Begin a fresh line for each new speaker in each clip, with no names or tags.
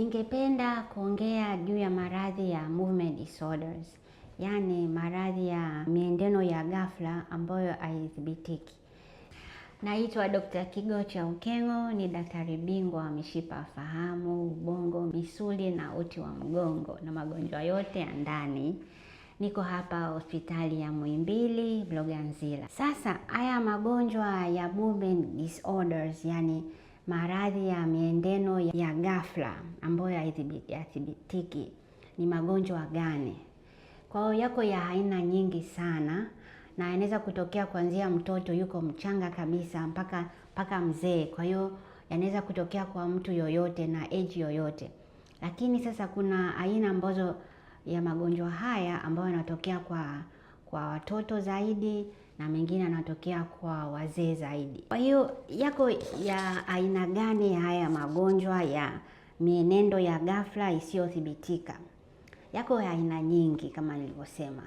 Ningependa kuongea juu ya maradhi ya movement disorders, yaani maradhi ya miendeno ya ghafla ambayo haithibitiki. Naitwa Dr. Kigocha ukengo ni daktari bingwa wa mishipa fahamu, ubongo, misuli na uti wa mgongo na magonjwa yote ya ndani. Niko hapa hospitali ya Muhimbili Mloganzila. Sasa haya magonjwa ya movement disorders, yani maradhi ya miendeno ya ghafla ambayo haithibitiki ni magonjwa gani? Kwa hiyo yako ya aina nyingi sana, na yanaweza kutokea kuanzia mtoto yuko mchanga kabisa mpaka mpaka mzee. Kwa hiyo yanaweza kutokea kwa mtu yoyote na age yoyote, lakini sasa kuna aina ambazo ya magonjwa haya ambayo yanatokea kwa kwa watoto zaidi na mengine yanatokea kwa wazee zaidi. Kwa hiyo yako ya aina gani haya magonjwa ya mienendo ya ghafla isiyothibitika? Yako ya aina nyingi kama nilivyosema.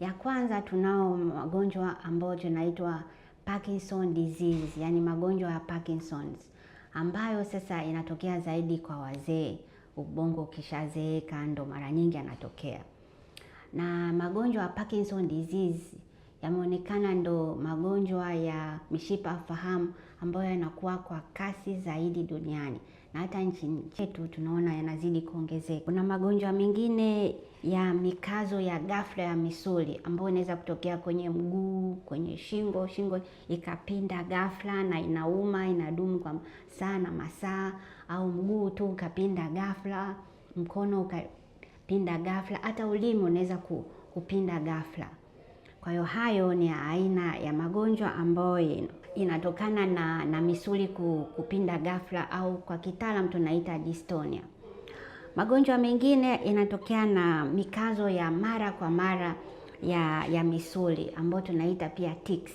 Ya kwanza tunao magonjwa ambayo tunaitwa Parkinson disease, yani magonjwa ya Parkinson's ambayo sasa inatokea zaidi kwa wazee. Ubongo ukishazeeka ndo mara nyingi anatokea, na magonjwa ya Parkinson disease yameonekana ndo magonjwa ya mishipa fahamu ambayo yanakuwa kwa kasi zaidi duniani na hata nchi chetu tunaona yanazidi kuongezeka. Kuna magonjwa mengine ya mikazo ya ghafla ya misuli ambayo inaweza kutokea kwenye mguu, kwenye shingo, shingo ikapinda ghafla na inauma, inadumu kwa saa na masaa, au mguu tu ukapinda ghafla, mkono ukapinda ghafla, hata ulimi unaweza kupinda ghafla. Kwa hiyo hayo ni aina ya magonjwa ambayo inatokana na, na misuli kupinda ghafla au kwa kitaalam tunaita dystonia. Magonjwa mengine inatokea na mikazo ya mara kwa mara ya, ya misuli ambayo tunaita pia tics.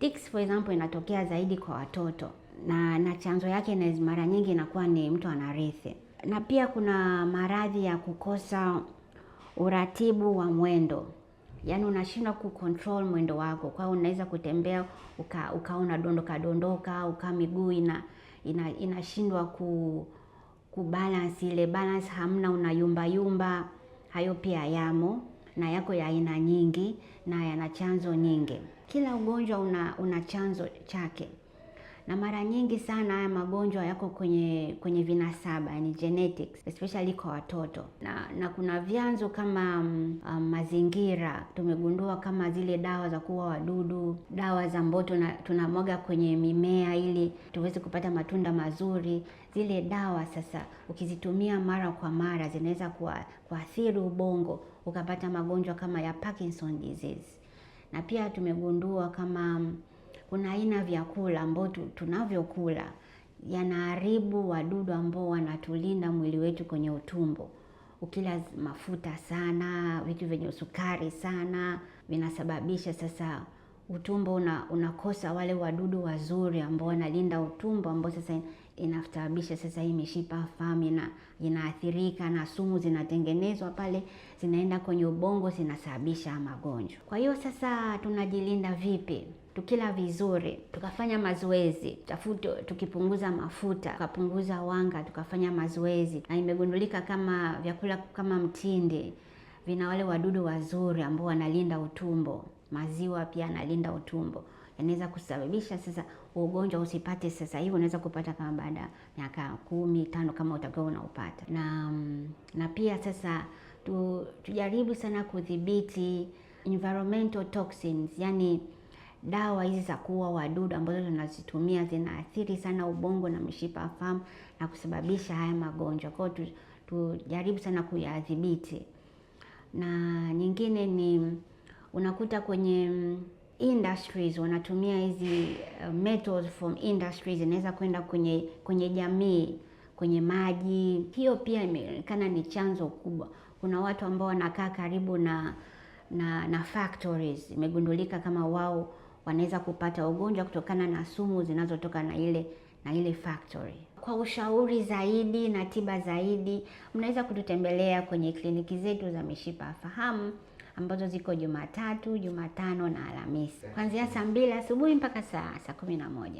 Tics for example inatokea zaidi kwa watoto na, na chanzo yake na mara nyingi inakuwa ni mtu anarithi, na pia kuna maradhi ya kukosa uratibu wa mwendo yani unashindwa kucontrol mwendo wako. Kwa hiyo unaweza kutembea ukawa uka unadondoka dondoka, ukaa miguu ina inashindwa ina ku kubalance, ile balance hamna, unayumba yumba. Hayo pia yamo na yako ya aina nyingi na yana chanzo nyingi. Kila ugonjwa una, una chanzo chake na mara nyingi sana haya magonjwa yako kwenye kwenye vinasaba, yani genetics especially kwa watoto, na na kuna vyanzo kama um, um, mazingira. Tumegundua kama zile dawa za kuua wadudu, dawa za mboto na tunamwaga kwenye mimea ili tuweze kupata matunda mazuri, zile dawa sasa ukizitumia mara kwa mara zinaweza kuathiri ubongo, ukapata magonjwa kama ya Parkinson disease, na pia tumegundua kama mm, kuna aina vyakula ambao tunavyokula yanaharibu wadudu ambao wanatulinda mwili wetu kwenye utumbo. Ukila mafuta sana, vitu vyenye sukari sana, vinasababisha sasa utumbo una, unakosa wale wadudu wazuri ambao wanalinda utumbo, ambao sasa inasababisha sasa hii mishipa fahamu ina, inaathirika na sumu zinatengenezwa pale, zinaenda kwenye ubongo, zinasababisha magonjwa. Kwa hiyo sasa tunajilinda vipi? tukila vizuri, tukafanya mazoezi, tafuta tukipunguza mafuta, tukapunguza wanga, tukafanya mazoezi, na imegundulika kama vyakula kama mtindi vina wale wadudu wazuri ambao wanalinda utumbo. Maziwa pia analinda utumbo, yanaweza kusababisha sasa ugonjwa usipate sasa hivi, unaweza kupata kama baada ya miaka kumi tano kama utakuwa unaupata. Na na pia sasa tu, tujaribu sana kudhibiti environmental toxins, yani dawa hizi za kuua wadudu ambazo tunazitumia zinaathiri sana ubongo na mishipa ya fahamu na kusababisha haya magonjwa. Kwa hiyo tujaribu sana kuyadhibiti. Na nyingine ni unakuta kwenye mm, industries wanatumia hizi uh, metals from industries inaweza kwenda kwenye kwenye jamii, kwenye maji. Hiyo pia imeonekana ni chanzo kubwa. Kuna watu ambao wanakaa karibu na na na factories, imegundulika kama wao wanaweza kupata ugonjwa kutokana na sumu zinazotoka na ile na ile factory. Kwa ushauri zaidi na tiba zaidi, mnaweza kututembelea kwenye kliniki zetu za mishipa ya fahamu ambazo ziko Jumatatu, Jumatano na Alhamisi kuanzia saa mbili asubuhi mpaka saa saa kumi na moja.